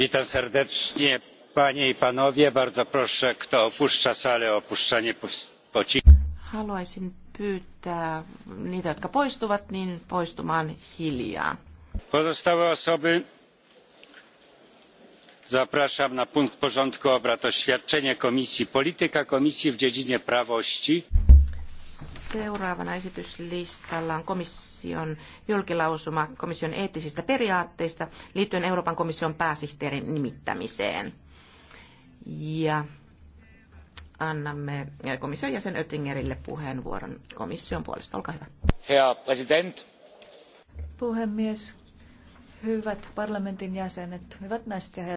witam serdecznie panie i panowie bardzo proszę kto opuszcza salę o opuszczenie po cichu. haluaisin pyytää niitä jotka poistuvat niin poistumaan hiljaa. pozostałe osoby zapraszam na punkt porządku obrad oświadczenie komisji polityka komisji w dziedzinie prawości Seuraavana esityslistalla on komission julkilausuma komission eettisistä periaatteista liittyen Euroopan komission pääsihteerin nimittämiseen. Ja annamme komission jäsen Oettingerille puheenvuoron komission puolesta. Olkaa hyvä. Herr President. Puhemies, hyvät parlamentin jäsenet, hyvät naiset ja herrat.